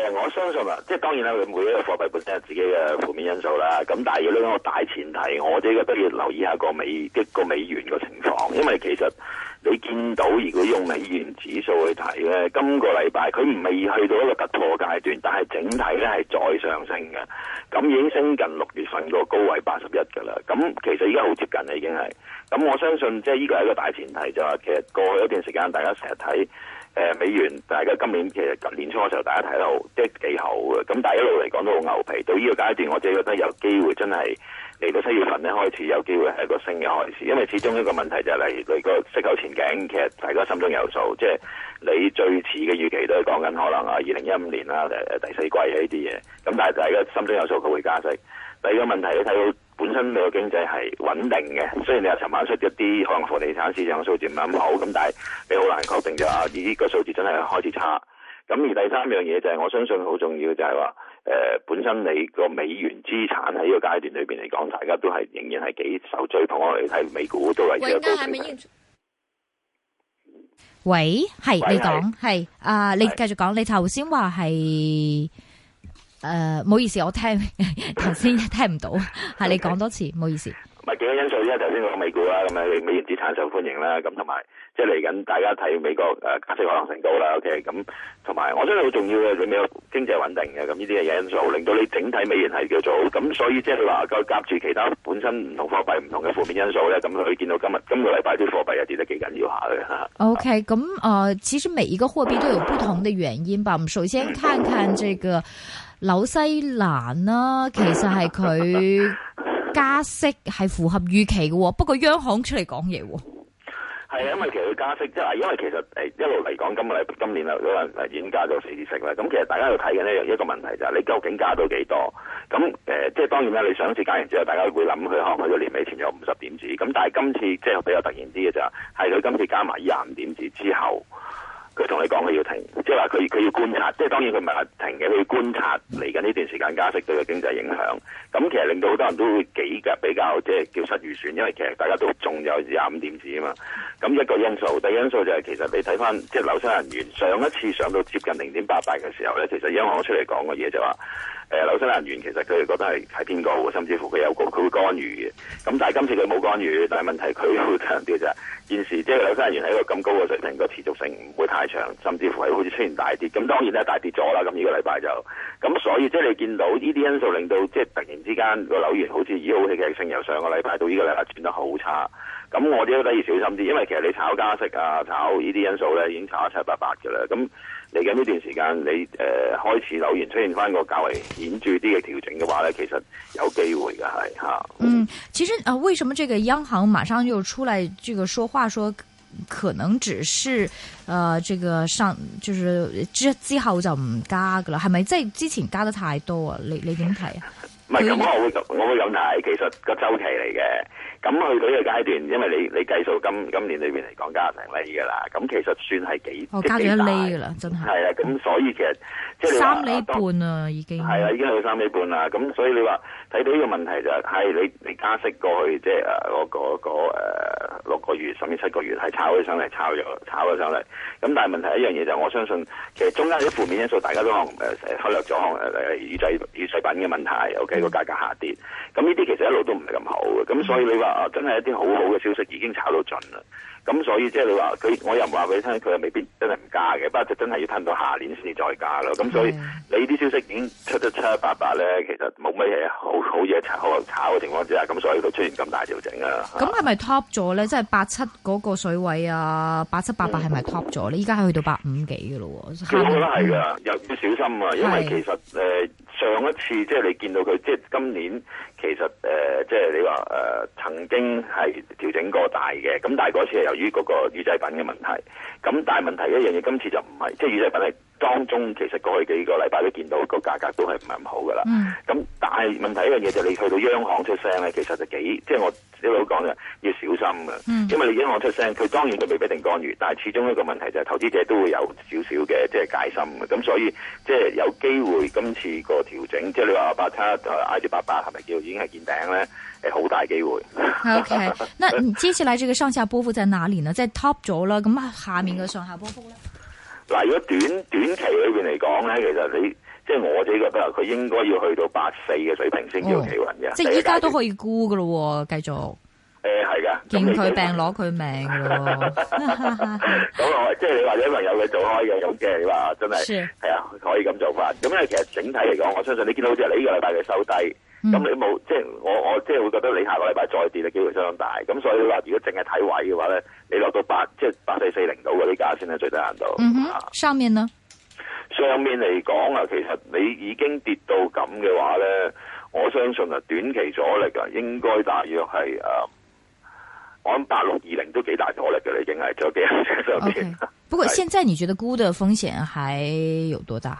誒，我相信啦，即係當然啦。佢每一個貨幣本身係自己嘅負面因素啦。咁但係要拎個大前提，我呢個都要留意一下個美即個美元嘅情況。因為其實你見到如果用美元指數去睇咧，今個禮拜佢唔係去到一個突破階段，但係整體咧係再上升嘅。咁已經升近六月份嗰個高位八十一噶啦。咁其實而家好接近啦，已經係。咁我相信即係呢個係一個大前提，就係其實過去一段時間大家成日睇。誒美元，但大家今年其實年初嘅時候，大家睇到即係幾好嘅。咁但係一路嚟講都好牛皮，到呢個階段，我自己覺得有機會真係嚟到七月份咧，開始有機會係一個升嘅開始。因為始終一個問題就係嚟個息口前景，其實大家心中有數。即係你最遲嘅預期都係講緊可能啊二零一五年啦第四季呢啲嘢。咁但係大家心中有數，佢會加息。第二個問題，你睇到。本身你個經濟係穩定嘅，雖然你話尋晚出咗啲可能房地產市場嘅數字唔係咁好，咁但係你好難確定咗，話呢個數字真係開始差。咁而第三樣嘢就係、是、我相信好重要就係話，誒、呃、本身你個美元資產喺呢個階段裏邊嚟講，大家都係仍然係幾受追捧。我哋睇美股都係。喂，係喂，係你講係啊？你繼續講，你頭先話係。誒、呃，唔好意思，我聽頭先聽唔到，係 你講多次，唔、okay. 好意思。唔係幾個因素因為，頭先講美股啦，咁啊，美元資產受歡迎啦，咁同埋即係嚟緊，大家睇美國誒加息可能程度啦。O K，咁同埋，我覺得好重要嘅，你美國經濟穩定嘅，咁呢啲係因素令到你整體美元係叫做咁，所以即係話佢夾住其他本身唔同貨幣唔同嘅負面因素咧，咁佢見到今日今個禮拜啲貨幣又跌得幾緊要下嘅吓。O K，咁啊，其實每一個貨幣都有不同嘅原因吧。我 們首先看看這個。紐西蘭啦、啊，其實係佢加息係符合預期嘅， 不過央行出嚟講嘢，係啊，因為其實佢加息即係因為其實誒一路嚟講，今個今，今年啊都已經加咗四次息啦。咁其實大家要睇緊呢一個問題就係、是，你究竟加到幾多？咁誒、呃，即係當然啦，你上一次加完之後，大家會諗佢可能去咗年尾前有五十點子。咁但係今次即係比較突然啲嘅就係、是、佢今次加埋廿五點子之後。.佢同你講，佢要停，即係話佢佢要觀察。即係當然佢唔係話停嘅，佢要觀察嚟緊呢段時間加息對個經濟影響。咁其實令到好多人都會幾嘅比較，即係叫失預算，因為其實大家都仲有廿五點子啊嘛。咁一個因素，第一因素就係、是、其實你睇翻，即係紐西蘭元上一次上到接近零點八八嘅時候咧，其實央行出嚟講嘅嘢就話、是，誒紐西蘭元其實佢哋覺得係係偏高，甚至乎佢有佢會干預嘅。咁但係今次佢冇干預，但係問題佢強調就係現時即係紐西蘭元喺一個咁高嘅水平個持續性唔會太。甚至乎係好似出現大跌，咁當然咧大跌咗啦。咁呢個禮拜就咁，所以即係你見到呢啲因素令到即係突然之間個樓源好似已經好戲劇性，由上個禮拜到呢個禮拜轉得好差。咁我哋都得要小心啲，因為其實你炒加息啊、炒呢啲因素咧，已經炒得七七八八噶啦。咁嚟緊呢段時間，你誒開始樓源出現翻個較為顯著啲嘅調整嘅話咧，其實有機會㗎係吓。嗯，其實啊，為什麼這個央行馬上就出來這個說話說？可能只是，誒、呃，這個上就之、是、之後就唔加噶啦，係咪即係之前加得太多啊？你你點睇啊？唔係咁，我會我會有睇，其實個周期嚟嘅。咁去到呢個階段，因為你你計數今，今年裏邊嚟講加成厘噶啦，咁其實算係幾我、哦、加咗一厘噶啦，真係。係啊，咁所以其實即係三厘半啊，已經係啊，已經去到三厘半啦。咁、嗯、所以你話。睇到呢個問題就係、係、你你加息過去，即係誒嗰嗰六個月甚至七個月係炒起上嚟，炒咗炒咗上嚟。咁但係問題係一樣嘢就係、係，我相信其實中間啲負面因素大家都講誒忽略咗誒誒預製預製品嘅問題。O K，個價格下跌，咁呢啲其實一路都唔係咁好嘅。咁所以你話啊，真係一啲好好嘅消息已經炒到盡啦。咁所以即係你話佢，我又唔話畀你聽，佢又未必真係唔加嘅，不過就真係要褪到下年先至再加咯。咁所以你啲消息已經出咗七七八八咧，其實冇乜嘢好好嘢炒好炒嘅情況之下，咁所以佢出現咁大調整啊。咁係咪 top 咗咧？ 即係八七嗰個水位啊，八七八八係咪 top 咗咧？依、嗯、家去到八五幾嘅咯喎。咁我係㗎，又要小心啊。因為其實上一次即係、就是、你見到佢，即、就、係、是、今年其實誒，即係你話誒曾經係調整過大嘅，咁但係嗰次係由於嗰個乳製品嘅問題，咁但係問題一樣嘢，今次就唔係，即、就、係、是、乳製品係。當中其實過去幾個禮拜都見到個價格都係唔係咁好噶啦，咁、嗯、但係問題一樣嘢就你去到央行出聲咧，其實就幾，即係我一路講就要小心噶、嗯，因為你央行出聲，佢當然佢未必一定干預，但係始終一個問題就係投資者都會有少少嘅即係戒心嘅，咁所以即係有機會今次個調整，即係你話八七啊，挨住八八係咪叫爸爸是是已經係見頂咧？誒，好大機會。OK，、嗯、 那接下來這個上下波幅在哪裏呢？即係 top 咗啦，咁啊，下面嘅上下波幅咧？嗯嗱，如果短短期裏邊嚟講咧，其實你即係我呢個，不佢應該要去到八四嘅水平先叫企穩嘅。即係依家都可以估噶咯，繼續。誒、欸，係噶。見佢病攞佢、嗯、命咯。咁 啊， 即係你話朋友你做開嘅有嘅，你話真係係啊，可以咁做法。咁咧，其實整體嚟講，我相信你見到好似你呢個禮拜嘅收低。咁、嗯、你冇即係我我即係會覺得你下個禮拜再跌嘅機會相當大，咁所以話如果淨係睇位嘅話咧，你落到八即係八四四零度嗰啲價先係最低限度。嗯哼，上面呢？啊、上面嚟講啊，其實你已經跌到咁嘅話咧，我相信啊短期阻力啊應該大約係誒、啊，我諗八六二零都幾大阻力嘅你咧，淨係再幾日再幾不過現在你覺得沽的風險還有多大？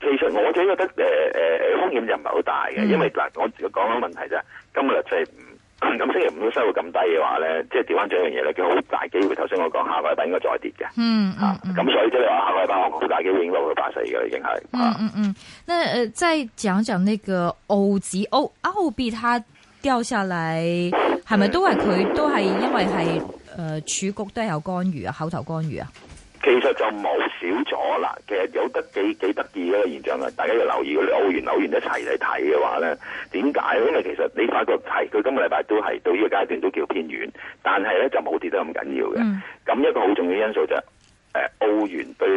其實我自己覺得誒誒誒，風險就唔係好大嘅，因為嗱，我講緊問題就係，今日就係咁星期五都收落咁低嘅話咧，即係調翻轉一樣嘢咧，佢好大機會。頭先我講下個禮拜應該再跌嘅，嗯咁、嗯啊嗯、所以即係話下個禮拜好大機會應該會反勢嘅，已經係、啊，嗯嗯嗯。那誒、呃，再講講那個澳子、澳、哦、澳幣，它掉下嚟，係咪都係佢都係因為係誒，儲、呃、局都係有干預啊，口頭干預啊？其實就冇少咗啦，其實有得幾幾得意嘅一個現象啊！大家要留意，澳元、紐元一齊嚟睇嘅話咧，點解？因為其實你發覺係，佢今個禮拜都係到呢個階段都叫偏軟，但係咧就冇跌得咁緊要嘅。咁、嗯、一個好重要因素就係，誒，澳元對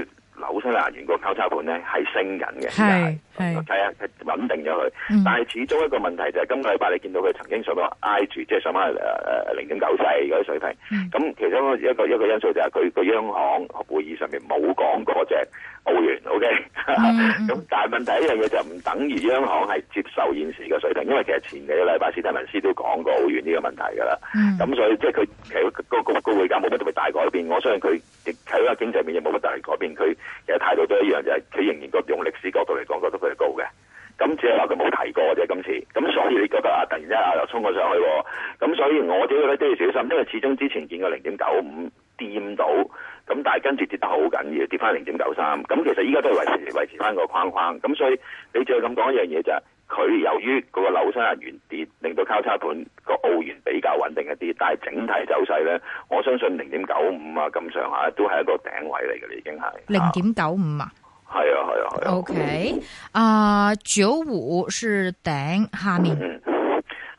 紐西蘭元個交叉盤咧係升緊嘅。係。係，係啊，穩定咗佢。但係始終一個問題就係今個禮拜你見到佢曾經上到挨住，即係上翻誒誒零點九四嗰啲水平。咁、mm. 其中一個一個因素就係佢個央行會議上面冇講過隻澳元。O.K. 咁、mm. 但係問題一樣嘢就唔等於央行係接受現時嘅水平，因為其實前幾個禮拜史蒂文斯都講過澳元呢個問題㗎啦。咁、mm. 所以即係佢其實個個個會價冇乜特別大改變。我相信佢亦喺個經濟面亦冇乜大改變。佢其實態度都一樣，就係、是、佢仍然個用歷史角度嚟講覺得高嘅，咁只係話佢冇提過啫。今次，咁所以你覺得啊，突然之間又沖咗上去，咁所以我都要都要小心，因為始終之前見過零點九五掂到，咁但係跟住跌得好緊要，跌翻零點九三。咁其實依家都係維持維持翻個框框。咁所以你再咁講一樣嘢就係，佢由於嗰個紐西蘭元跌，令到交叉盤個澳元比較穩定一啲，但係整體走勢咧，我相信零點九五啊咁上下都係一個頂位嚟嘅，已經係零點九五啊。係啊，係啊，係啊。OK，啊，九五是頂，下面、嗯。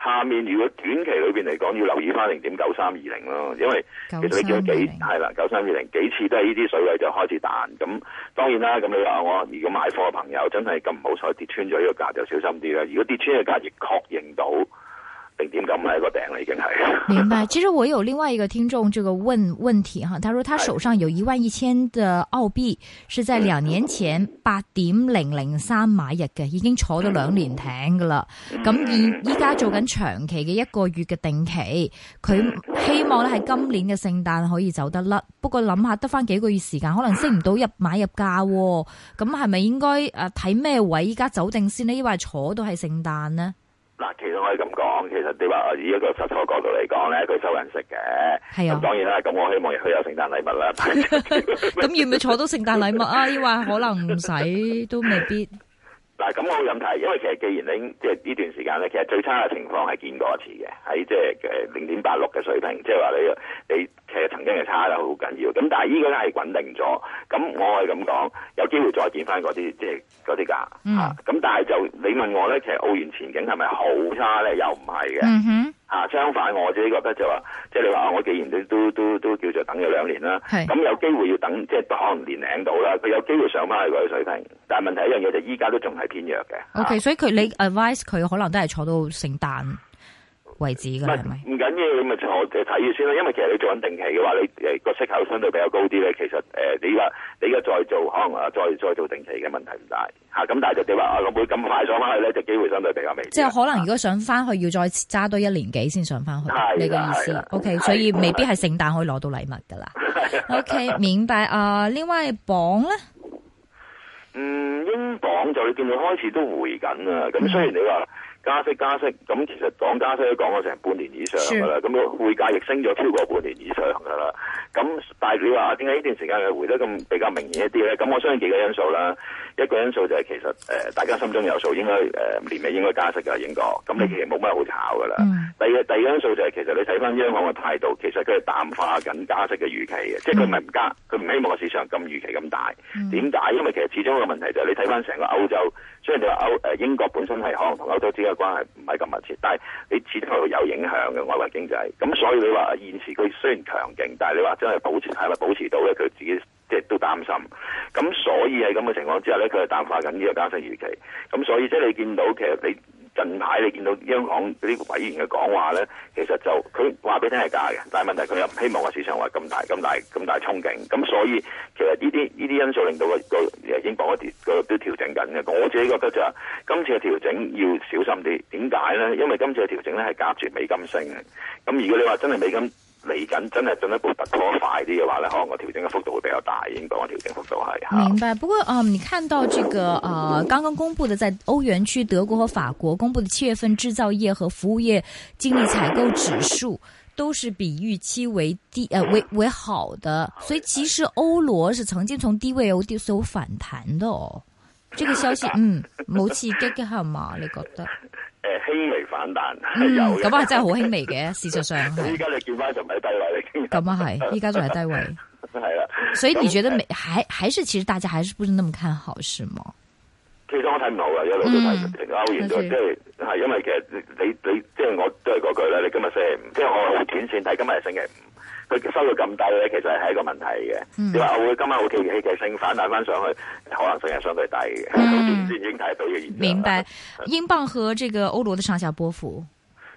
下面如果短期裏邊嚟講，要留意返零點九三二零咯，因為其實你見咗幾係啦，九三二零幾次都係呢啲水位就開始彈。咁當然啦，咁你話我如果買貨嘅朋友真係咁唔好彩跌穿咗呢個價，就小心啲啦。如果跌穿嘅價，亦確認到。零點九咪一個頂已經係。明白，其實我有另外一個聽眾，這個問問題哈，他說他手上有一萬一千的澳幣，是，是在兩年前八點零零三買入嘅，已經坐咗兩年艇噶啦。咁、嗯、現依家做緊長期嘅一個月嘅定期，佢希望咧係今年嘅聖誕可以走得甩。不過諗下得翻幾個月時間，可能升唔到入買入價。咁係咪應該誒睇咩位依家走定先呢？因為坐到係聖誕呢。嗱，其實可以咁講，其實你話以一個實收角度嚟講咧，佢收人食嘅。係啊，當然啦，咁我希望佢有聖誕禮物啦。咁 要唔要坐到聖誕禮物啊？要話可能唔使， 都未必。嗱，咁我諗睇，因為其實既然你，即係呢段時間咧，其實最差嘅情況係見過一次嘅，喺即係零點八六嘅水平，即係話你你。你差、嗯、啦，好、嗯、緊要。咁但係依家咧係穩定咗。咁我係咁講，有機會再見翻嗰啲即係啲價嚇。咁、嗯啊、但係就你問我咧，其實澳元前景係咪好差咧？又唔係嘅。嗯、啊、相反我自己覺得就話，即係你話我既然都都都都叫做等咗兩年啦，咁、啊、有機會要等，即係當年領到啦。佢有機會上翻去嗰個水平。但係問題是一樣嘢就依家都仲係偏弱嘅。OK，、啊、所以佢你 advise 佢可能都係坐到聖誕。位置嘅係咪？唔緊要，你咪我睇住先啦。因為其實你做緊定期嘅話，你誒個息口相對比較高啲咧。其實誒、呃，你而家你而家再做，可能啊再再，再做定期嘅問題唔大吓。咁、啊、但係就你話阿老咁快上翻去咧，就機會相對比較微。即係可能如果想翻去、啊，要再揸多一年幾先上翻去，啊、你嘅意思、啊、？OK，、啊、所以未必係聖誕可以攞到禮物噶啦、啊。OK，,、啊 okay 嗯、 明白。啊、呃，另外鎊咧，嗯，英鎊就你見佢開始都回緊啊。咁、嗯、雖然你話。加息加息，咁其實講加息都講咗成半年以上噶啦，咁匯價亦升咗超過半年以上噶啦。咁但係你話點解呢段時間嘅回得咁比較明顯一啲咧？咁我相信幾個因素啦，一個因素就係其實誒、呃、大家心中有數，應該誒、呃、年尾應該加息噶英國，咁你其實冇乜好炒噶啦。第二個第二個因素就係、是、其實你睇翻央行嘅態度，其實佢係淡化緊加息嘅預期嘅、嗯，即係佢唔係唔加，佢唔希望個市場咁預期咁大。點、嗯、解？因為其實始終個問題就係你睇翻成個歐洲，雖然你話歐誒英國本身係可能同歐洲之間嘅關係唔係咁密切，但係你始終有影響嘅外圍經濟。咁所以你話現時佢雖然強勁，但係你話。真係保持係咪保持到咧佢自己即係都擔心，咁所以喺咁嘅情況之下咧，佢係淡化緊呢個加息預期，咁所以即係你見到其實你近排你見到央行嗰啲委員嘅講話咧，其實就佢話俾你聽係假嘅，但係問題佢又唔希望話市場話咁大咁大咁大衝勁，咁所以其實呢啲呢啲因素令到個個英鎊嗰啲都調整緊嘅。我自己覺得就係、是、今次嘅調整要小心啲，點解咧？因為今次嘅調整咧係夾住美金升嘅，咁如果你話真係美金。嚟緊真係進一步突破快啲嘅話咧，可能個調整嘅幅度會比較大，應該個調整幅度係。明白，不過啊、呃，你看到這個啊、呃，剛剛公布的在歐元區德國和法國公布的七月份製造業和服務業經濟採購指數，都是比預期為低，誒、呃，為為好的，所以其實歐羅是曾經從低位有所反彈的哦。這個消息，嗯，冇乜刺激 get get 下嘛？你覺得？誒、哎，輕微反彈，嗯，咁啊真係好輕微嘅，事實上，依家你見翻就唔係低位啦，已經，咁啊係，依家仲係低位，係 啦，所以你覺得美、嗯，還還是其實大家還是不是那麼看好，是嗎？其實我睇唔到嘅，有好多睇歐元嘅，即係係因為其實你你，你即係我都係嗰句啦，你今日星期五，即係我短線睇今日係星期五。佢收入咁低咧，其實係一個問題嘅。你、嗯、話會今晚好戲劇性反彈翻上去，可能性係相對大嘅。嗯，已經睇到嘅。明白、啊。英鎊和這個歐羅的上下波幅。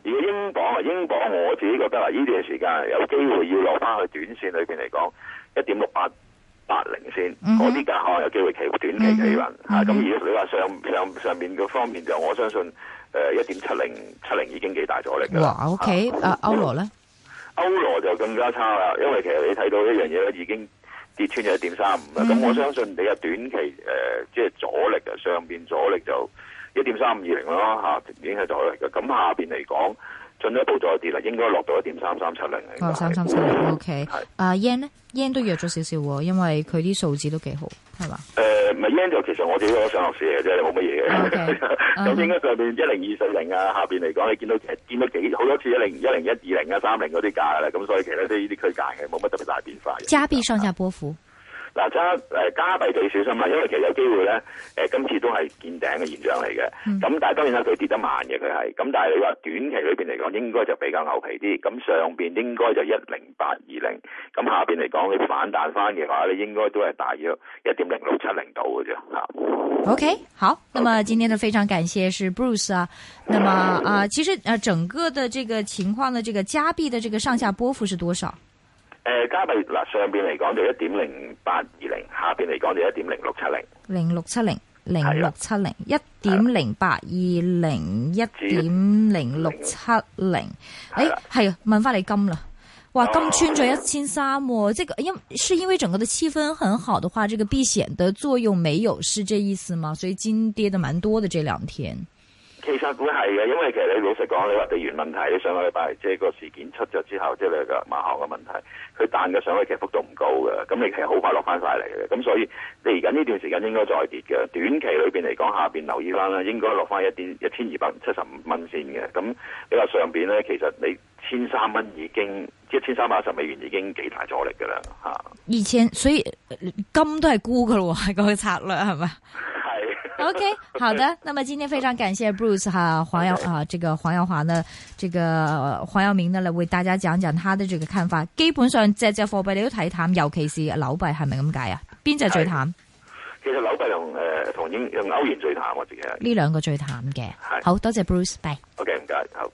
如果英鎊啊、嗯，英鎊我自己覺得啦，呢、嗯、段時間有機會要落翻去短線裏邊嚟講，一點六八八零先，嗰啲嘅可能有機會期短期企穩吓。咁如果你話上上上面的方面就，我相信誒一點七零七零已經幾大阻力的。o、okay, k、啊啊、歐羅咧？歐羅就更加差啦，因為其實你睇到一樣嘢咧，已經跌穿咗一點三五啦。咁我相信你嘅短期誒，即、呃、係、就是、阻力啊，上邊阻力就一點三五二零咯，吓、啊，已經係阻力嘅。咁下邊嚟講。進一步再跌啦，應該落到一點三三七零。三三七零，OK。阿、uh, yen 呢 yen 都弱咗少少喎，因為佢啲數字都幾好，係嘛？誒，唔係 yen 就其實我哋都想行市嘅啫，你冇乜嘢嘅。OK。 咁、uh -huh. 應該上邊一零二四零啊，下邊嚟講你見到其實啲幾好多次一零一零一二零啊三零嗰啲價嘅咧，咁所以其實都係呢啲區間嘅，冇乜特別大變化嘅。加幣上下波幅。嗯。嗱，真誒加幣就要小心啦，因為其實有機會咧，誒、呃、今次都係見頂嘅現象嚟嘅。咁、嗯、但係當然啦，佢跌得慢嘅佢係，咁但係你話短期裏邊嚟講，應該就比較牛皮啲。咁上邊應該就一零八二零，咁下邊嚟講佢反彈翻嘅話咧，應該都係大約一點零六七零度嘅啫。嚇。OK，好，okay. 那麼今天的非常感謝是 Bruce 啊。那麼啊、呃，其實啊，整個的這個情況呢，這個加幣的這個上下波幅是多少？誒、呃，加幣嗱，上邊嚟講就一點零八二零，下邊嚟講就一點零六七零，零六七零，零六七零，一點零八二零，一點零六七零。誒，係啊，問翻你金啦，話金穿咗一千三喎，即、這個因為是因為整個的氣氛很好的話，這個避險的作用沒有，是這意思嗎？所以金跌得蠻多的這兩天。係嘅，因為其實你老實講，你話地緣問題，你上個禮拜即係個事件出咗之後，即係你話馬航嘅問題，佢彈嘅上去其實幅度唔高嘅，咁你其實好快落翻晒嚟嘅，咁所以你而家呢段時間應該再跌嘅。短期裏邊嚟講，下邊留意翻啦，應該落翻一啲一千二百七十五蚊線嘅。咁你話上邊咧，其實你千三蚊已經即係千三百十美元已經幾大阻力噶啦吓。二千，所以、呃、金都係沽噶咯，係、那個策略係咪？是吧。O、okay, K，好的，okay. 那麼今天非常感謝 Bruce 哈黃耀啊，這個黃耀華呢，這個黃耀明呢，來為大家講講他的這個看法。基本上隻隻貨幣你都睇淡，尤其是紐幣係咪咁解啊？邊隻最淡？其實紐幣同誒同英同歐元最淡、啊，我自己係呢兩個最淡嘅。好多謝 Bruce，拜,拜。O K，唔該，好。